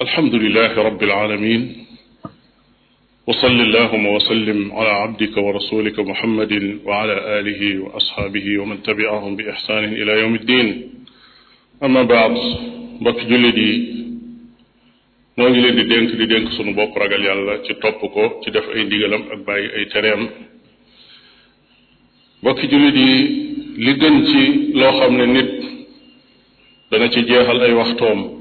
alhamdulilah rabbil aalamiin wa salli allaahumma wa sallim alaa abdika wa rasulika muhammadin wa alaa aalihi wa asxaabihi wa man tabi'ahum bi ixsaanin ilaa yawmi ddiin amma baad mbokki jullit yi noo ngi leen di dénk di dénk sunu bopp ragal yàlla ci topp ko ci def ay ndigalam ak bàyyi ay tereem mbokki jullit yi li gën ci loo xam ne nit dana ci jeexal ay waxtoom.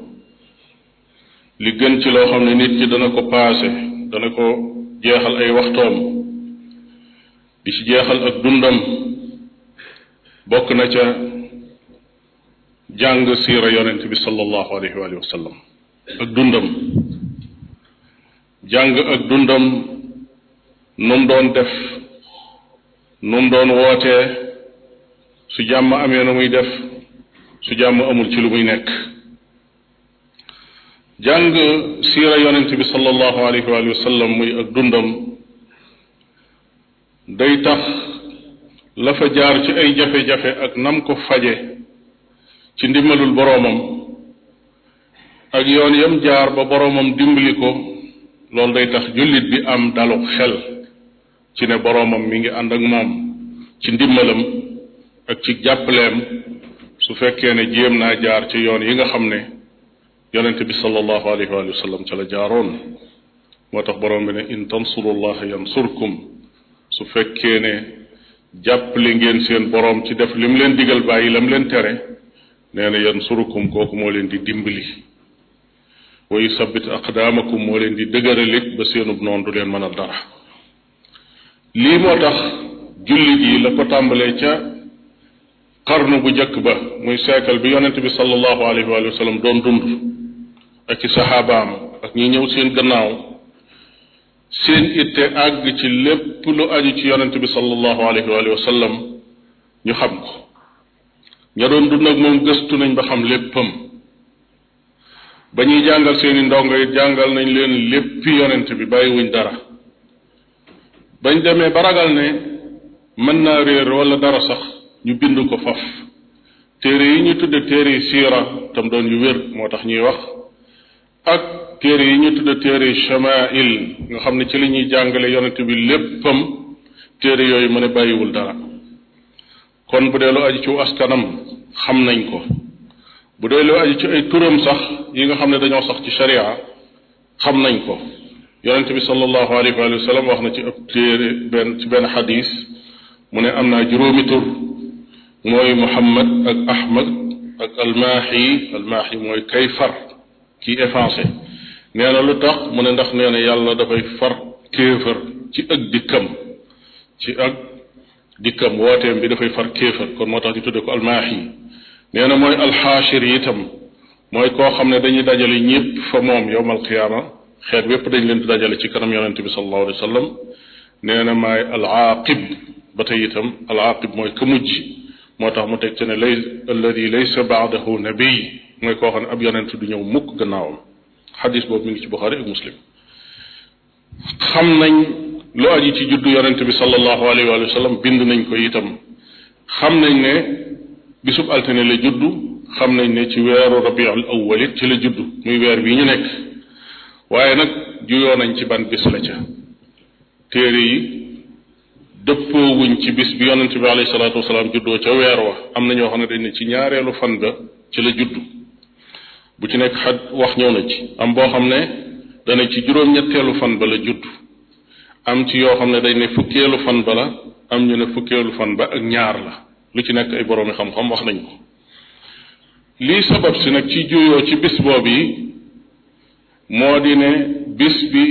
li gën ci loo xam ne nit ki dana ko paase dana ko jeexal ay waxtoom di ci jeexal ak dundam bokk na ca jàng siira yonent bi sallallahu alayhi wa sallam ak dundam jàng ak dundam nu doon def nu doon wootee su jàmm amee nu muy def su jàmm amul ci lu muy nekk jàng siira yonent bi sallallahu alayhi wa sallam muy ak dundam day tax la fa jaar ci ay jafe-jafe ak nam ko faje ci ndimbalul boroomam ak yoon yam jaar ba boroomam dimbali ko loolu day tax jullit bi am dalu xel ci ne boroomam mu ngi ànd ak moom ci ndimbalam ak ci jàppaleem su fekkee ne jéem naa jaar ci yoon yi nga xam ne yonent bi sallallahu alayhi wa sallam ca la jaaroon moo tax boroom bi ne in tansurullaha yansurkum su fekkee ne jàpp jàppale ngeen seen boroom ci def lim leen digal bàyyi lam leen tere nee na yansurukum kooku moo leen di dimbali wa yusabbit aqdaamakum moo leen di dëgëralit ba seenub noonu du leen mën a dara lii moo tax jullit yi la ko tàmbalee ca xarnu bu njëkk ba muy seekal bi yonente bi sallallahu alayhi wa sallam doon dund ak ci saxaabaam ak ñi ñëw seen gannaaw seen itte àgg ci lépp lu aju ci yonent bi sallallahu alayhi wa ñu xam ko ña doon dund ak moom gëstu nañ ba xam léppam ba ñuy jàngal seeni ndongo yi jàngal nañ leen léppi yonent bi bàyyiwuñ dara bañ demee ba ragal ne mën naa réer wala dara sax ñu bind ko faf téere yi ñuy tudde téere yi siira tam doon yu wér moo tax ñuy wax ak téere yi ñu tudde téere chamail nga xam ne ci li ñuy jàngale yonent bi léppam téere yooyu mu ne bàyyiwul dara kon bu dee lu aju ci askanam xam nañ ko bu dee lu aju ci ay turam sax yi nga xam ne dañoo sax ci sharia xam nañ ko yonent bi sallallahu alayhi wa sallam wax na ci ab téere benn ci benn xadis mu ne am naa juróomi tur mooy Muhammad ak Ahmad ak almaaxi almaaxi mooy Kayfar ci effacé nee na lu tax mu ne ndax nee na yàlla dafay far kéefër ci ak dikkam ci ak dikkam wooteem bi dafay far kéefër kon moo tax ñu tudde ko almaax na mooy alxaashir itam mooy koo xam ne dañuy dajale ñépp fa moom yowmal qiyaama xeet wépp dañ leen dajale ci kanam yonente bi sallallahu alayhi wa sallam nee na maay alaaqib ba tey itam alaaqib mooy ka mujj moo tax mu teg ci ne lay alladi laysa baadahu nabiy mooy koo xam ne ab yonent du ñëw mukk gannaawam xadis boobu mu ngi ci Buxaari ak Muslim xam nañ lu yi ci juddu yonent bi sallallahu alayhi wa sallam bind nañ ko itam xam nañ ne bisub altine la juddu xam nañ ne ci weeru rabiul awwal it ci la juddu muy weer bii ñu nekk waaye nag juyoo nañ ci ban bis la ca téere yi dëppoowuñ ci bis bi yonent bi alayhi salaatu wasalaam juddoo ca weer wa am na ñoo xam ne dañ ne ci ñaareelu fan ga ci la juddu bu ci nekk xaj wax ñëw na ci am boo xam ne dana ci juróom-ñetteelu fan ba la judd am ci yoo xam ne day ne fukkeelu fan ba la am ñu ne fukkeelu fan ba ak ñaar la lu ci nekk ay boroomi xam-xam wax nañu ko lii sabab si nag ci juyoo ci bis boobu yi moo di ne bis bi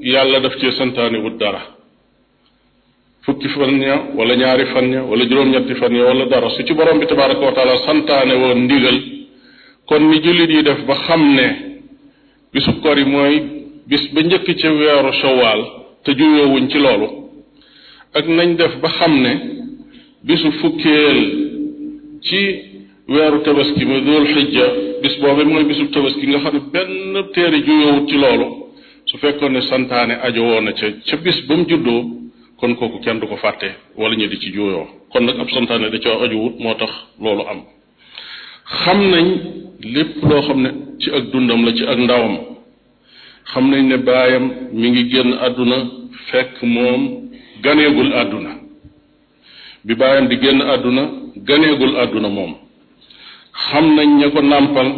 yàlla def cee santaane wut dara fukki fan ya wala ñaari fan ya wala juróom-ñetti fan ya wala dara su ci borom bi tabaraka wa taala santaane ndigal kon ni jullit yi def ba xam ne bisu kor yi mooy bis ba njëkk ci weeru shawal te juyoowuñ ci loolu ak nañ def ba xam ne bisu fukkeel ci weeru tabaski muy dul xijja bis boobu mooy bisu tabaski nga xam ne benn téere juyoowut ci loolu su fekkoon ne santaane ajo woon na ca ca bis ba mu juddoo kon kooku kenn du ko fàtte wala ñu di ci juyoo kon nag ab santaane da coo ajuwut moo tax loolu am xam nañ lépp loo xam ne ci ak dundam la ci ak ndawam xam nañ ne baayam mi ngi génn àdduna fekk moom ganeegul àdduna bi baayam di génn àdduna ganeegul àdduna moom xam nañ ña ko nàmpal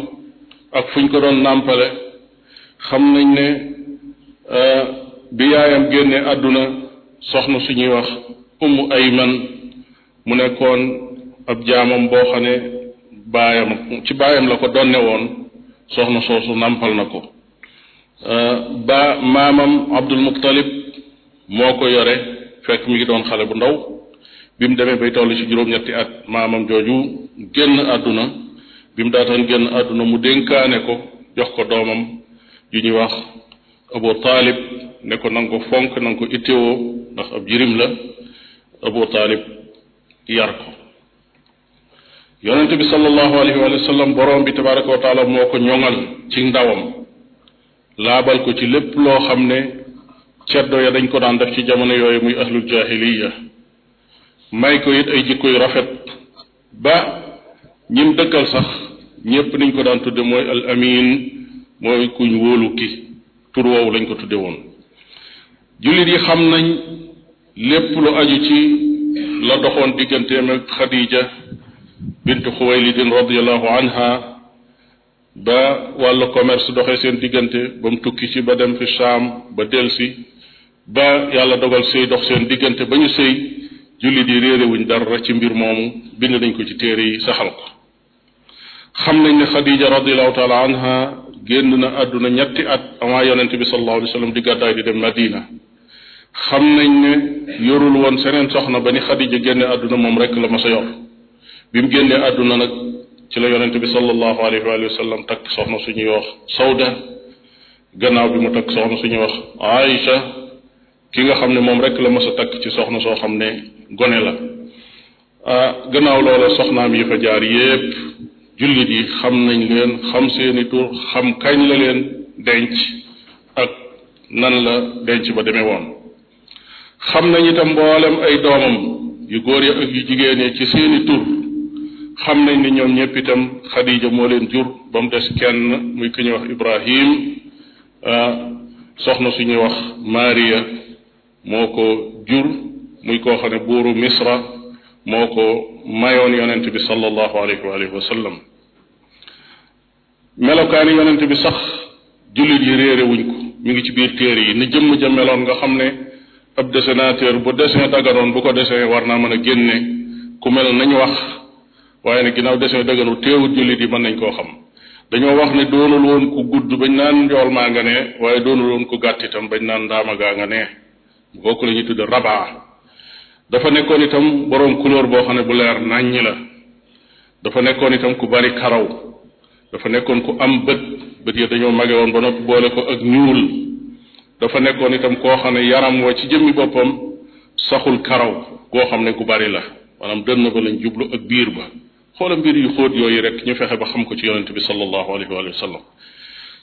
ak fu ñu ko doon nàmpale xam nañ ne euh, bi yaayam génne àdduna soxna suñuy wax ay man mu nekkoon ab jaamam boo baayam ci baayam la ko donne woon soxna soosu nàmpal na ko euh, ba maamam Abdul Muttalib moo ko yore fekk mi ngi doon xale bu ndaw bi mu demee bay toll ci juróom-ñetti at maamam jooju génn àdduna bi mu daataan génn àdduna mu dénkaane ko jox ko doomam yu ñuy wax Abu Taalib ne ko nang ko fonk nanga ko ittewoo ndax ab jirim la Abu Taalib yar ko yonente bi sallallahu alayhi wa sallam borom bi tabaraka wa taala moo ko ñoŋal ci ndawam laabal ko ci lépp loo xam ne ceddo ya dañ ko daan def ci jamono yooyu muy ahlul jahiliya may ko it ay jikko rafet ba ñim dëkkal sax ñépp niñ ko daan tudde mooy al mooy kuñ wóolu ki tur lañ ko tudde woon jullit yi xam nañ lépp lu aju ci la doxoon digganteem ak Xadija bint xuwaylidin radiallahu anha ba wàllu commerce doxee seen diggante ba mu tukki ci ba dem fi saam ba delsi ba yàlla dogal sëy dox seen diggante ba ñu sëy jullit yi réerewuñ dara ci mbir moomu bind nañ ko ci téere yi saxal ko xam nañ ne xadija radiallahu taala anha génn na àdduna ñetti at avant yonente bi sallallahu alayhi wa sallam di gàddaay di dem madina xam nañ ne yorul woon seneen soxna ba ni xadija génne àdduna moom rek la ma sa yor bi mu génnee àdduna nag ci la yonent bi sallallahu alayhi wa sallam takk soxna suñuy wax sawda gannaaw bi mu takk soxna suñuy wax aïcha ki nga xam ne moom rek la mas a takk ci soxna soo xam ne gone la ah gannaaw loola soxnaam yi fa jaar yépp jullit yi xam nañ leen xam seeni tur xam kañ la leen denc ak nan la denc ba demee woon xam nañ itam mboolem ay doomam yu góor ya ak yu jigéen ci seeni tur xam nañ ni ñoom ñëpp itam Khadija moo leen jur ba mu des kenn muy ki ñuy wax Ibrahim ah, soxna suñuy wax Maria moo ko jur muy koo xam ne buuru Misra moo ko mayoon yonent bi sallallahu alayhi wa sallam melokaani yonent bi sax jullit yi réere wuñ ko mi ngi ci biir téere yi ni jëm ja meloon nga xam ne ab dessinateur bu dessin daganoon bu ko desee war naa mën a génne ku meloon nañu wax waaye nag ginnaaw desee dëgëru teewut jullit yi mën nañ koo xam dañoo wax ne doonul woon ku gudd bañ naan njool maa nga ne waaye doonul woon ku gàtt itam bañ naan ndaama gaa nga ne bokku la tudd rabaa dafa nekkoon itam boroom couleur boo xam ne bu leer nàññi la dafa nekkoon itam ku bari karaw dafa nekkoon ku am bët bët yi dañoo mage woon ba noppi boole ko ak ñuul dafa nekkoon itam koo xam ne yaram wa ci jëmmi boppam saxul karaw koo xam ne ku bari la maanaam dënn ba lañ jublu ak biir ba xoola mbir yu xóot yooyu rek ñu fexe ba xam ko ci yonente bi sallallahu alayhi wa sallam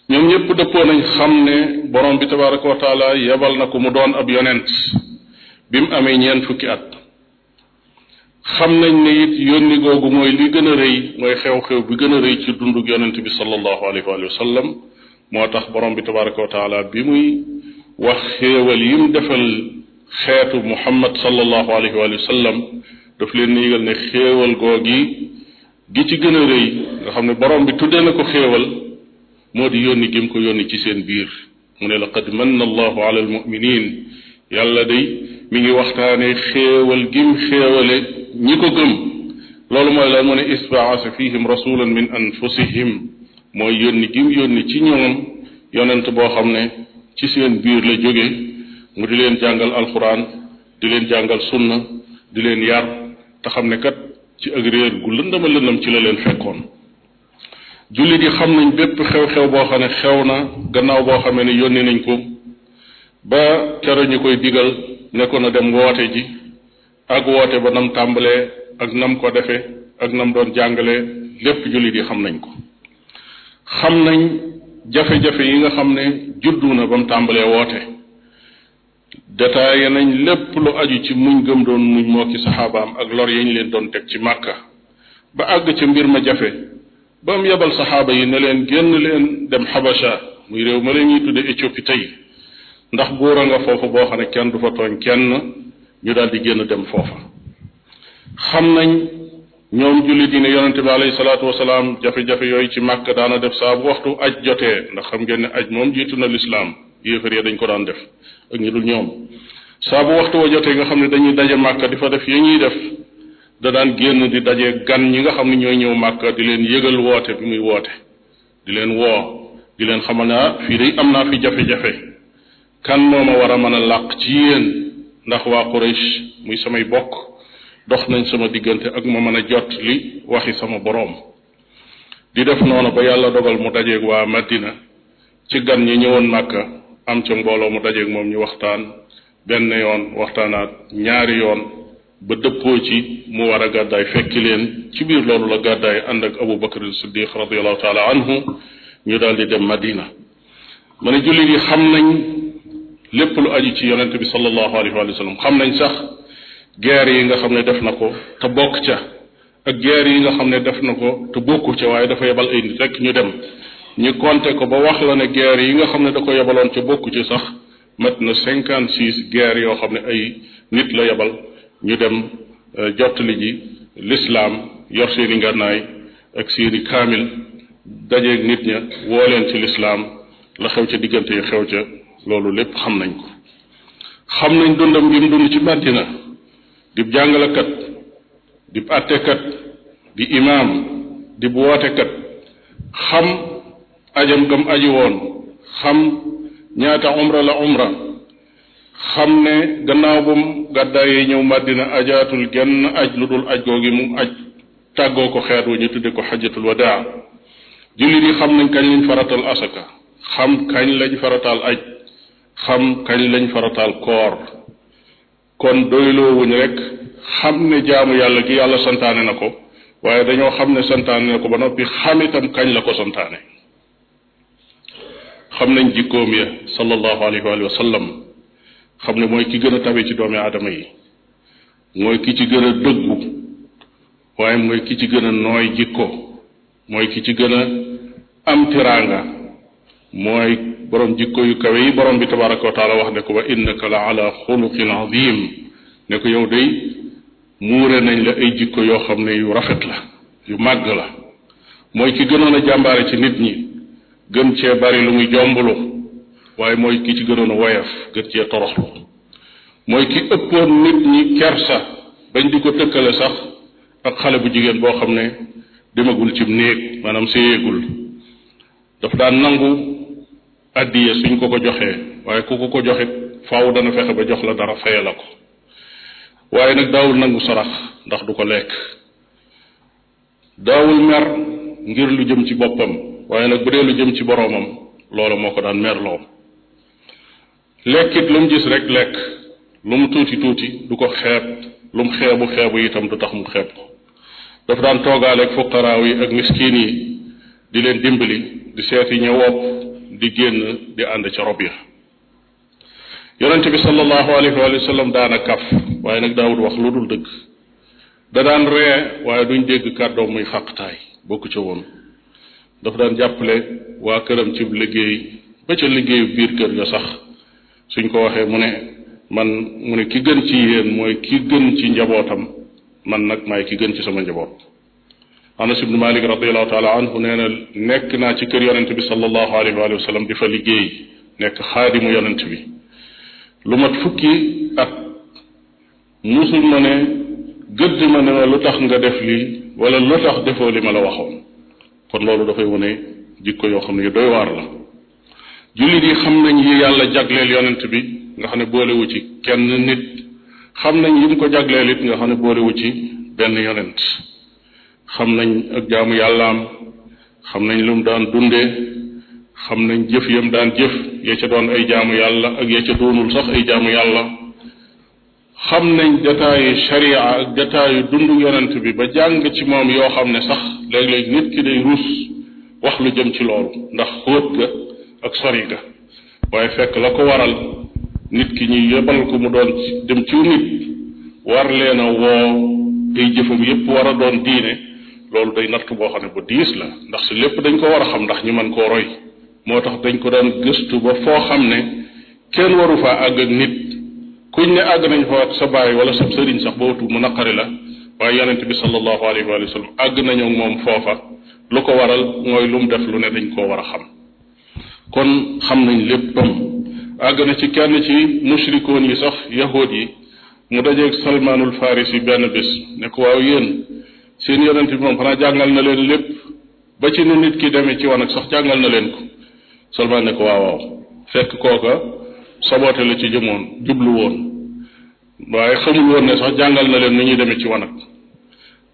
ñoom ñëpp dëppoo nañ xam ne borom bi tabaraka wa taala yebal na ko mu doon ab yonent bi mu amee ñeent fukki at xam nañ ne it yónni googu mooy li gën a rëy mooy xew-xew bi gën a rëy ci dunduk yonent bi sallallahu alayhi wa sallam moo tax borom bi tabaraka wa taala bi muy wax xéewal yi mu defal xeetu muhammad sallallahu alayhi wa sallam daf leen yëgal ne xéewal googi gi ci gën a rëy nga xam ne borom bi tuddee na ko xéewal moo di yónni gi ko yónni ci seen biir mu ne laqad manna allahu ala almuminin yàlla day mi ngi waxtaane xéewal gim xéewale ñi loolu mooy lan mu ne isbaasa fihim rasulan min anfusihim mooy yónni gim yónni ci ñoom yonent boo xam ne ci seen biir la jóge mu di leen jàngal alxuraan di leen jàngal sunna di leen yar te xam ne kat ci ak réer gu lëndama lëndam ci la leen fekkoon jullit yi xam nañ bépp xew-xew boo xam ne xew na gannaaw boo xamee ne yónni nañ ko ba kero ñu koy digal nekkoon a dem woote ji ak woote ba nam tàmbalee ak nam ko defe ak nam doon jàngale lépp jullit yi xam nañ ko xam nañ jafe-jafe yi nga xam ne juddu na ba mu tàmbalee woote détaillé nañ lépp lu aju ci muñ gëm doon muñ moo saxaabaam ak lor yañ leen doon teg ci màkka ba àgg ca mbir ma jafe ba mu yebal saxaaba yi ne leen génn leen dem xabasha muy réew ma leen ñuy tudde Éthiopie tey ndax buur nga foofu boo xam ne kenn du fa tooñ kenn ñu dal di génn dem foofa xam nañ ñoom jullit yi ne yonente bi alayhi salaatu wasalaam jafe-jafe yooyu ci màkk daana def saa bu waxtu aj jotee ndax xam ngeen aj moom jiitu na lislaam yéefar ya dañ ko daan def ak ñu dul ñoom saa bu waxtu wa jotee nga xam ne dañuy daje màkka di fa def yi ñuy def da daan génn di daje gan ñi nga xam ne ñooy ñëw màkka di leen yëgal woote bi muy woote di leen woo di leen xamal ne ah fii day am naa fi jafe-jafe kan moo ma war a mën a làq ci yéen ndax waa Quraysh muy samay bokk dox nañ sama diggante ak ma mën a jot li waxi sama boroom di def noonu ba yàlla dogal mu dajeeg waa Madina ci gan ñi ñëwoon màkka am ca mbooloo mu dajeeg moom ñu waxtaan benn yoon waxtaanaat ñaari yoon ba dëppoo ci mu war a gàddaay fekki leen ci biir loolu la gàddaay ànd ak Abu Bakr as-Siddiq radiyallahu taala anhu ñu daal di dem Madina ma ne jullit yi xam nañ lépp lu aju ci yonente bi sallallahu alayhi wa sallam xam nañ sax guerre yi nga xam ne def na ko te bokk ca ak guerre yi nga xam ne def na ko te bokk ca waaye dafa yebal ay nit ñu dem ñu compter ko ba wax la ne guerre yi nga xam ne da ko yebaloon ca bokku ci sax mat na cinquante six guerre yoo xam ne ay nit la yebal ñu dem euh, jottali ji lislaam yor seeni ngànnaay ak seeni kaamil dajeeg nit ña woo leen ci lislaam la xew ca diggante yu xew ca loolu lépp xam nañ ko xam nañ dundam bi dund ci Madina dib jàngalekat dib àttekat di imaam dib wootekat xam ajam gam aji woon xam ñaata umra la umra xam ne gannaaw ba mu gàddaayee ñëw Madina ajaatul genn aj lu dul aj googi mu aj tàggoo ko xeet wa ñu tuddee ko xajatul wadaa jullit yi xam nañ kañ lañ faratal asaka xam kañ lañ faratal aj xam kañ lañ faratal koor kon doyloo rek xam ne jaamu yàlla gi yàlla santaane na ko waaye dañoo xam ne santaane na ko ba noppi xam itam kañ la ko santaane xam nañ jikkoom ya sallallahu alayhi wa sallam xam ne mooy ki gën a tabe ci doomi aadama yi mooy ki ci gën a dëggu waaye mooy ki ci gën a nooy jikko mooy ki ci gën a am mooy borom jikko yu kawe yi borom bi tabaraka wa taala wax ne ko wa innaka la ala xuluqin azim ne ko yow day muure nañ la ay jikko yoo xam ne yu rafet la yu màgg la mooy ki gënoon a jàmbaare ci nit ñi gën cee bari lu muy jomblu waaye mooy ki ci gënoon a woyof gën cee toroxlu mooy ki ëppoon nit ñi kersa bañ di ko tëkkale sax ak xale bu jigéen boo xam ne demagul cim néeg maanaam séyeegul dafa daan nangu addiye suñ ko ko joxee waaye ku ko ko joxit faaw dana fexe ba jox la dara faye la ko waaye nag daawul nangu sarax ndax du ko lekk daawul mer ngir lu jëm ci boppam waaye nag bu dee lu jëm ci boroomam loola moo ko daan merloo lekkit lu mu gis rek lekk lu mu tuuti tuuti du ko xeeb lu mu xeebu xeebu itam du tax mu xeeb ko dafa daan toogaaleeg fuqaraaw yi ak miskin yi di leen dimbali di seeti ña wopp di génn di ànd ca rob ya yonente bi sallallahu alayhi wa sallam daana kaf waaye nag daawut wax lu dul dëkk da daan ree waaye duñ dégg kàddoom muy xaqtaay bokku ca woon dafa daan jàppale waa këram ci liggéey ba ca liggéeyu biir kër ga sax suñ ko waxee mu ne man mu ne ki gën ci yéen mooy ki gën ci njabootam man nag maay ki gën ci sama njaboot anas ibnu malik radiallahu taala nee na nekk naa ci kër yonent bi salallahu alayhi wa sallam di fa liggéey nekk xaadimu yonent bi lu mat fukki at musul ma ne gëdd ma ne lu tax nga def lii wala lu tax defoo li ma la waxoon kon loolu dafay wone jikko yoo xam ne yu doy waar la jullit yi xam nañ yi yàlla jagleel yonent bi nga xam ne boolewu ci kenn nit nañ yi ko jagleel it nga xam ne boolewu ci benn yonent xam nañ ak jaamu yàllaam xam nañ lu daan dunde xam nañ jëf yam daan jëf ya ca doon ay jaamu yàlla ak ya ca doonul sax ay jaamu yàlla xam nañ jataayu sharia ak jataayu dundu yonent bi ba jàng ci moom yoo xam ne sax léegi léeg nit ki day ruus wax lu jëm ci loolu ndax xóot ga ak sori ga waaye fekk la ko waral nit ki ñuy yebal ko mu doon dem ci nit war leen a woo ay jëfam yépp war a doon diine loolu day natt boo xam ne bu diis la ndax si lépp dañ ko war a xam ndax ñu man koo roy moo tax dañ ko daan gëstu ba foo xam ne kenn waru faa àgg ak nit kuñ ne àgg nañ fa ak sa baay wala sa sëriñ sax bootu mu naqari la waaye yonent bi sallallahu alayhi wa sallam àgg nañu moom foofa lu ko waral mooy lu mu def lu ne dañ koo war a xam kon xam nañ léppam àgg na ci kenn ci mushrikoon yi sax yahood yi mu dajeeg salmaanul faris yi benn bis ne ko waaw yéen seen yonent bi moom xanaa jàngal na leen lépp ba ci nu nit ki demee ci wanag sax jàngal na leen ko salmaan ne ko waaw waaw fekk kooka saboote la ci jëmoon jublu woon waaye xamul woon ne sax jàngal na leen nu ñuy demee ci wanag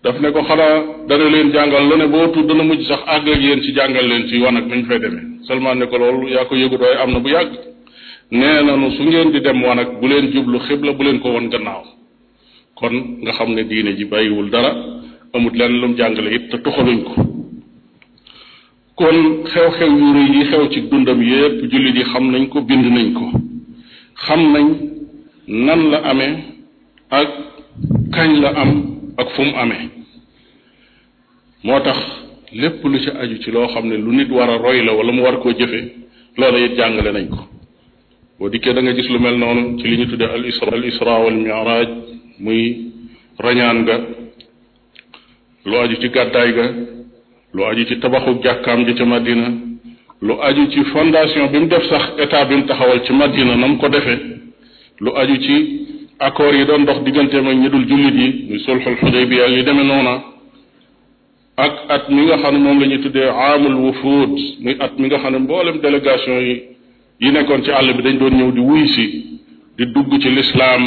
daf ne ko xanaa dana leen jàngal lu ne boo tudd dana mujj sax àgg ak ci jàngal leen ci wanag nu ñu fay demee seulement ne ko loolu yaa ko yëgut am na bu yàgg nee nanu su ngeen di dem wanag bu leen jublu xibla bu leen ko won gannaaw kon nga xam ne diine ji bàyyiwul dara amut leen lu jàngale it te toxaluñ ko kon xew-xew yu yi xew ci dundam yépp jullit yi xam nañ ko bind nañ ko xam nañ nan la amee ak kañ la am ak fu mu amee moo tax lépp lu ci aju ci loo xam ne lu nit war a roy la wala mu war koo jëfe loola it jàngale nañ ko boo dikkee da nga gis lu mel noonu ci li ñu tuddee al isra al isra wal muy rañaan ga lu aju ci gàddaay ga lu aju ci tabaxub jàkkaam ji ca Madina lu aju ci fondation bi mu def sax état bi mu taxawal ci Madina na mu ko defee lu aju ci accords yi doon dox diggante ma ñi dul jullit yi muy sulxul xudaybiya yu demee noona ak at mi nga xam ne moom la ñuy tuddee aamul wufuud at mi nga xam ne mboolem délégation yi yi nekkoon ci àll bi dañ doon ñëw di wuy si di dugg ci lislaam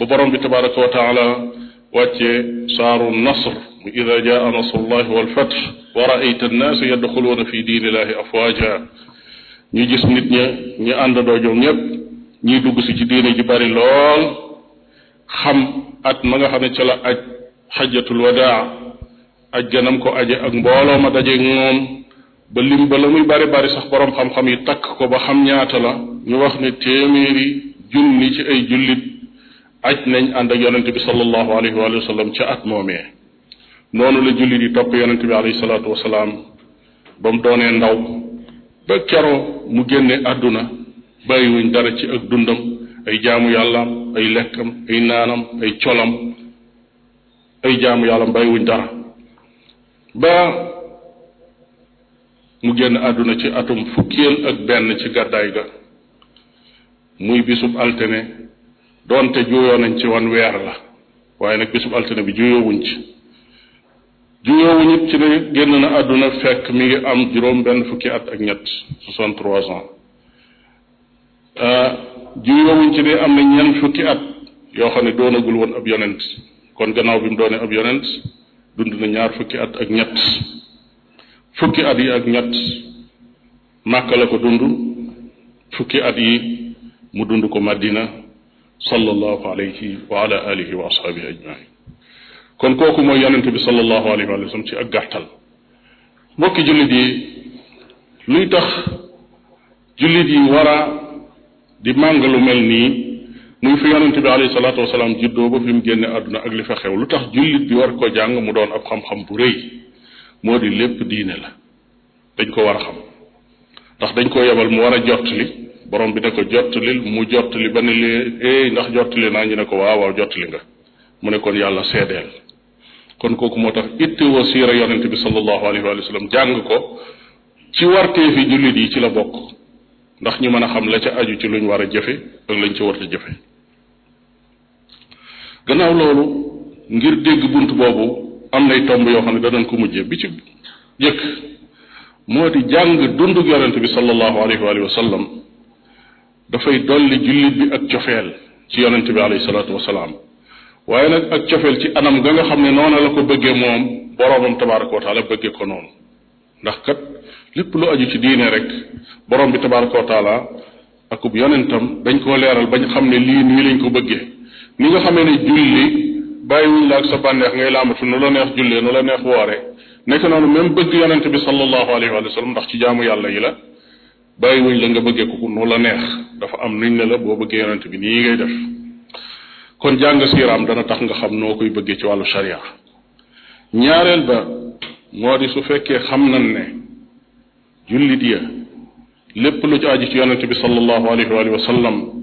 ba borom bi tabaraka wa taala wàccee saaru nasr mu ida jaa nasrullahi walfath wa raayta annaasa yadxuluuna fi diinillahi afwaaja ñu gis nit ña ñu àndandoo ñoom ñëpp ñuy dugg si ci diine ji bari lool xam at ma nga xam ne ca la aj xajatul wadaa aj ganam ko aje ak mbooloo ma dajeeg moom ba lim ba la muy bari bari sax boroom xam-xam yi takk ko ba xam ñaata la ñu wax ne téeméeri junni ci ay jullit aj nañ ànd ak yonente bi sallallahu alayhi wa sallam ca at moomee noonu la jullit yi topp yonente bi alayhi salaatu wasalaam ba mu doonee ndaw ba keroo mu génne àdduna bàyyiwuñ dara ci ak dundam ay jaamu yàllaam ay lekkam ay naanam ay colam ay jaamu yàllaam bàyyiwuñ dara ba mu génn àdduna ci atum fukkeel ak benn ci gàddaay ga muy bisub altine doonte juuyoo nañ ci wan weer la waaye nag bisub altine bi juyoowuñ ci juyoowuñ it ci ne génn na àdduna fekk mi ngi am juróom benn fukki at ak ñett Ah, juuyóowuñ ci ne am na ñeent fukki at yoo xam ne doonagul woon ab yonent kon gannaaw bi mu doonee ab yonent dund na ñaar fukki at ak ñett fukki at yi ak ñett màkka la ko dund fukki at yi mu dund ko madina sallallahu alayhi wa ala alihi wa ashaabihi ajmain kon kooku mooy yonent bi sallallahu alayhi wa sallam ci ak gàttal mbokki jullit yi luy tax jullit yi war di màng lu mel nii muy fi yonente bi alayhi salaatu wasalaam juddoo ba fi mu génne àdduna ak li fa xew lu tax jullit bi war ko jàng mu doon ab xam-xam bu rëy moo di lépp diine la dañ ko war a xam ndax dañ ko yebal mu war a jottali borom bi ne ko jottali mu jottali ba ne lee ndax jottali naa ñu ne ko waaw waaw nga mu ne kon yàlla seedeel kon kooku moo tax ittewoo siira yonente bi sallallahu alayhi wa sallam jàng ko ci wartee fi jullit yi ci la bokk ndax ñu mën a xam la ca aju ci luñ war a jëfe ak lañ ca war a jëfe gannaaw loolu ngir dégg bunt boobu am nay tomb yoo xam ne danañ ko mujje bi ci jëkk moo di jàng dundug yonent bi sallallahu alayhi wa sallam dafay dolli jullit bi ak cofeel ci yonent bi alayhi salaatu wasalaam waaye nag ak cofeel ci anam ga nga xam ne noona la ko bëggee moom boroomam tabaraka wa taala bëggee ko noonu ndax kat lépp lu aju ci diine rek borom bi tabaraka wa taala akub yonentam dañ koo leeral ba ñu xam ne lii nii lañ ko bëggee ni nga xamee ne julli bàyyiwuñ la ak sa bànneex ngay laamatu nu la neex jullee nu la neex woore nekk noonu même bëgg yonent bi sallallahu alayhi wa sallam ndax ci jaamu yàlla yi la bàyyiwuñ la nga bëggee ko nu la neex dafa am nuñ la boo bëggee bi nii kon jàng siiraam dana tax nga xam noo koy bëggee ci wàllu sharia ñaareel ba moo di su fekkee xam na ne jullit ya lépp lu ci aju ci yonente bi sallallahu alayhi wa sallam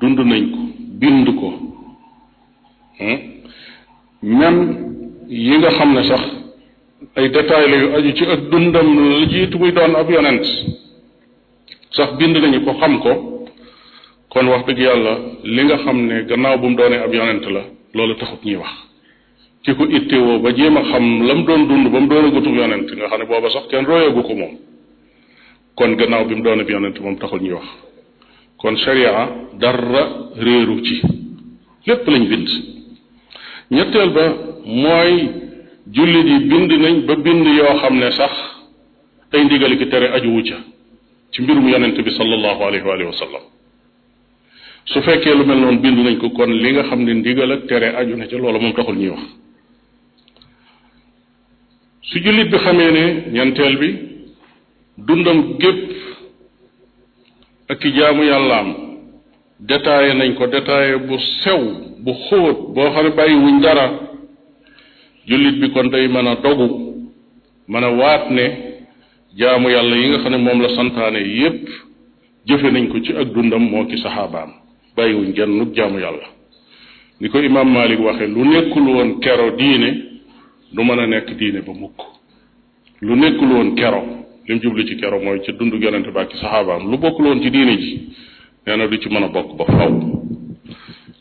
dund nañ ko bind ko même yi nga xam ne sax ay détails la yu ci ak dundam la jiitu muy doon ab yonent sax bind nañu ko xam ko kon wax dëgg yàlla li nga xam ne gannaaw bu mu doonee ab yonent la loolu taxut ñuy wax di ko ittewoo ba jéem a xam la doon dund ba mu doon a gutub yonent nga xam ne booba sax kenn royagu ko moom kon gannaaw bi mu doon a yonent moom taxul ñuy wax kon sharia dara réeru ci lépp lañ bind ñetteel ba mooy jullit yi bind nañ ba bind yoo xam ne sax ay ndigali ki tere ajuwu ca ci mbirum yonent bi sallallahu alayhi wa lu mel noonu bind nañ ko kon li nga xam ne ndigal ak tere na ca loola moom taxul ñuy wax su jullit bi xamee ne ñenteel bi dundam gépp ak i jaamu yàllaam détaillé nañ ko détaillé bu sew bu xóot boo xam ne bàyyiwuñ dara jullit bi kon day mën a dogu mën a waat ne jaamu yàlla yi nga xam ne moom la santaane yépp jëfe nañ ko ci ak dundam moo ki saxaabaam bàyyiwuñ nu jaamu yàlla ni ko imaam Malik waxe lu nekkul woon kero diine du mën a nekk diine ba mukk lu nekkul woon kero li jublu ci kero mooy ci dundu yonente ba ak saxaabaam lu bokkuloon ci diine ji nee na du ci mën a bokk ba faw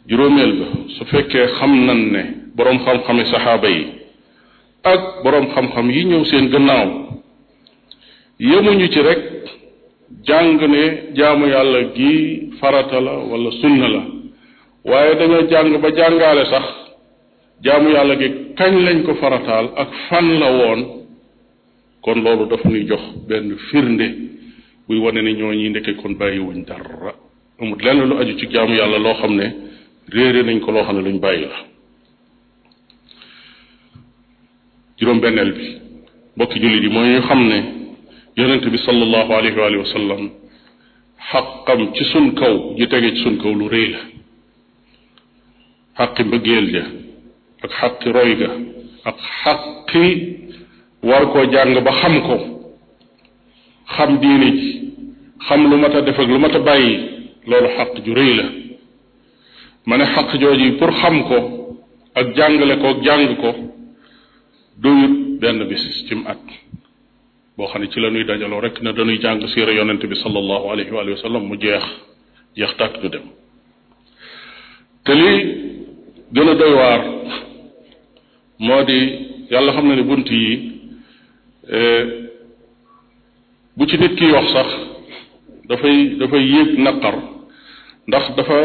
juróomeel ba su fekkee xam nan ne boroom xam-xami saxaaba yi ak boroom xam-xam yi ñëw seen gannaaw yemuñu ci rek jàng ne jaamu yàlla gi farata la wala sunna la waaye dañoo jàng ba jàngaale sax jaamu yàlla gi kañ lañ ko farataal ak fan la woon kon loolu daf ñuy jox benn firnde buy wane ne ñoo ñi ndekke kon bàyyiwuñ dara amut lenn lu aju ci jaamu yàlla loo xam ne réere nañ ko loo xam ne luñ bàyyi la juróom-benneel bi mbokki jullit yi mooy ñu xam ne yonent bi sallallahu alayhi wa sallam xaqam ci sun kaw ji tege ci sun kaw lu rëy la xaqi mbëggeel ja ak xaqi roy ga ak xaqi war koo jàng ba xam ko xam diine xam lu mat a defak ak lu mat a bàyyi loolu xaq ju rëy la ma ne xaq jooju pour xam ko ak jàngale ko ak jàng ko doyut benn bis cim at boo xam ne ci la ñuy dajaloo rek ne dañuy jàng siira yonent bi sallallahu alayhi wa sallam mu jeex jeex tàkk du dem te lii gën a doy waar moo di yàlla xam na ne bunt yi eh, bu ci nit kiy wax sax dafay dafay yéeg naqar ndax dafa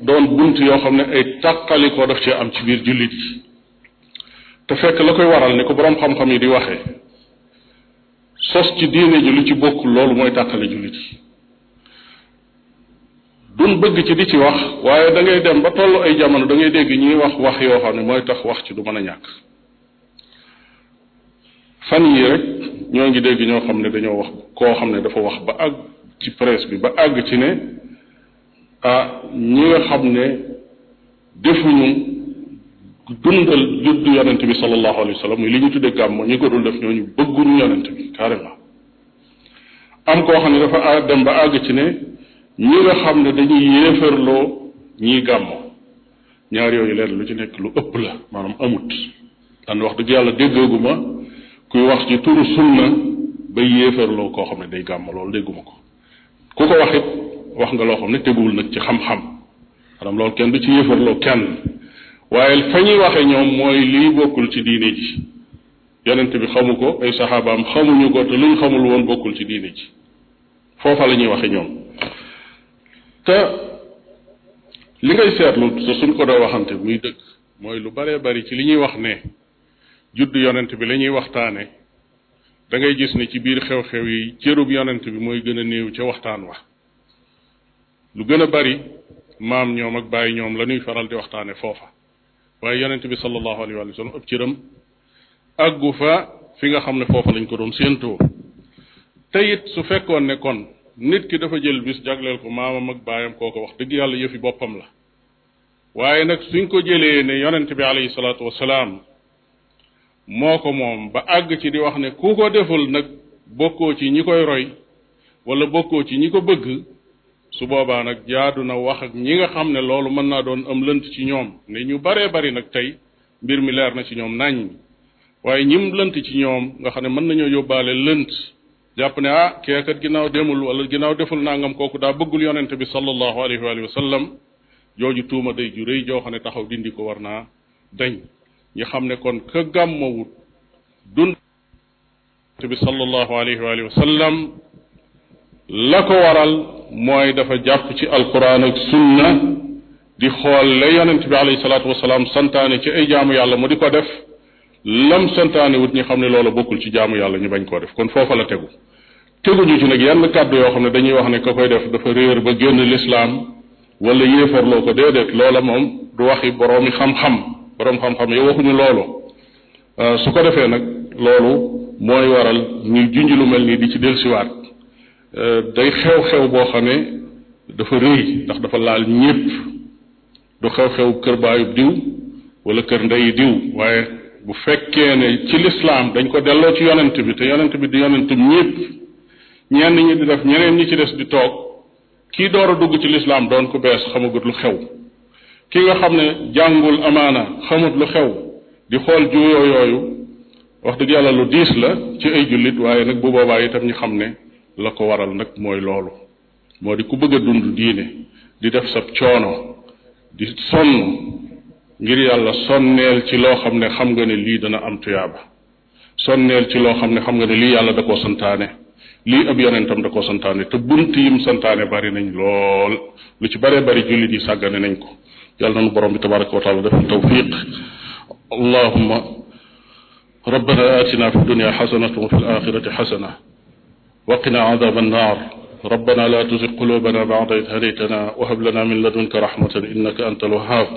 doon bunt yoo xam ne ay tàqalikoo daf ci am ci biir jullit yi te fekk la koy waral ni ko boroom xam-xam yi di waxee sos ci diine ñu li ci bokkul loolu mooy tàqale jullit yi duñ bëgg ci di ci wax waaye da ngay dem ba tollu ay jamono da dégg ñuy wax wax yoo xam ne mooy tax wax ci du mën a ñàkk fan yii rek ñoo ngi dégg ñoo xam ne dañoo wax koo xam ne dafa wax ba àgg ci presse bi ba àgg ci ne ah ne defuñu dundal juddu yonent bi sallallahu alayhi wa sallam muy li ñu tuddee gàmmo ñi ko dul def ñooñu bëgguñu yonent bi carrément am koo xam ne dafa dem ba àgg ci ne ñi nga xam ne dañuy yéefarloo ñii gàmmo ñaar yooyu leen lu ci nekk lu ëpp la maanaam amut daan wax dëgg yàlla déggooguma kuy wax ci turu sunna bay yéefarloo koo xam ne day gàmmo loolu dégguma ko ku ko wax wax nga loo xam ne teguwul nag ci xam-xam maanaam kenn du ci yéefarloo kenn waaye fa ñoom mooy lii bokkul ci diine ji yonent bi xamu ko ay saxaabaam xamuñu ko te luñ xamul woon bokkul ci diine ji foofa la ñuy waxe ñoom te li ngay seetlu te suñ ko doo waxante muy dëgg mooy lu baree bari ci li ñuy wax ne juddu yonent bi la ñuy waxtaane dangay gis ni ci biir xew-xew yi cërub yonent bi mooy gën a néew ca waxtaan wa lu gën a bari maam ñoom ak bàyyi ñoom la ñuy faral di waxtaane foofa waaye yonent bi sallallahu alayhi wa sallam ëpp cëram àggu fa fi nga xam ne foofa lañ ko doon séentoo te it su fekkoon ne kon nit ki dafa jël bis jagleel ko maamam ak baayam kooko wax dëgg yàlla yëfi boppam la waaye nag suñ ko jëlee ne yonent bi alayhi salaatu wasalaam moo ko moom ba àgg ci di wax ne ku ko deful nag bokkoo ci ñi koy roy wala bokkoo ci ñi ko bëgg su boobaa nag jaadu na wax ak ñi nga xam ne loolu mën naa doon am lënt ci ñoom ne ñu baree bari nag tey mbir mi leer na ci ñoom nañ waaye ñim lënt ci ñoom nga xam ne mën nañoo yóbbaale lënt jàpp ne ah keekat ginnaaw demul wala ginaaw deful nangam kooku daa bëggul yonente bi sallallahu alayhi wa sallam jooju tuuma day ju rëy joo xam ne taxaw dindi ko war naa dañ xam ne kon ka gàmmawut dund bi sallallahu alayhi wa sallam la ko waral mooy dafa jàpp ci alquran ak sunna di xool la yonent bi alayhi salaat wasalaam santaane ci ay jaamu yàlla moo di ko def lam santaane wut ñu xam ne loola bokkul ci jaamu yàlla ñu bañ koo def kon foofa la tegu teguñu ci nag yenn kàddu yoo xam ne dañuy wax ne ka koy def dafa réer ba génn lislaam wala yéefarloo ko déedéet loola moom du waxi boroomi xam-xam boroom xam-xam yow waxuñu loolu euh, su ko defee nag loolu mooy waral ñu junj lu mel nii di ci dellusiwaat euh, day xew-xew boo xam ne dafa rëy ndax dafa laal ñépp du xew-xew kër baayu diw wala kër ndeyu diw waaye bu fekkee ne ci lislaam dañ ko delloo ci yonent bi te yonent bi di yonentum ñépp ñenn ñi di def ñeneen ñi ci des di toog kii door a dugg ci lislaam doon ko bees xamagut lu xew ki nga xam ne jàngul amaana xamut lu xew di xool juuyoo yooyu wax dëgg yàlla lu diis la ci ay jullit waaye nag bu boobaa itam ñu xam ne la ko waral nag mooy loolu moo di ku bëgg a dund diine di def sab coono di sonn ngir yàlla sonneel ci loo xam ne xam nga ne lii dana am tuyaaba sonneel ci loo xam ne xam nga ne lii yàlla da koo santaane lii ab yonentam da koo santaane te bunt yim santaane bari nañ lool lu ci bare bari jullit yi sàggane nañ ko yàlla nanu borom bi tabaraka wa taala def tawfiq allahuma rabbana atina fi dunia xasanatan wa fi alaxirati xasana waqina adaba annar ربنا لا تزغ قلوبنا بعد إذ هديتنا وهب لنا من لدنك رحمة إنك أنت الوهاب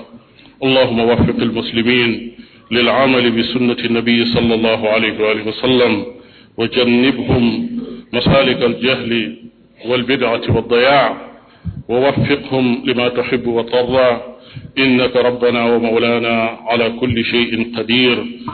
allahuma waffiq almuslimin lilcamali bisunnati nabiyi sal allahu alayhi wa alihi wa sallam wa jannibhum masalik aljahli walbidcati waldayac wa waffiqhum lima tuxibu wa tarda innaka rabbana wa mawlana ala kulli cheyin qadir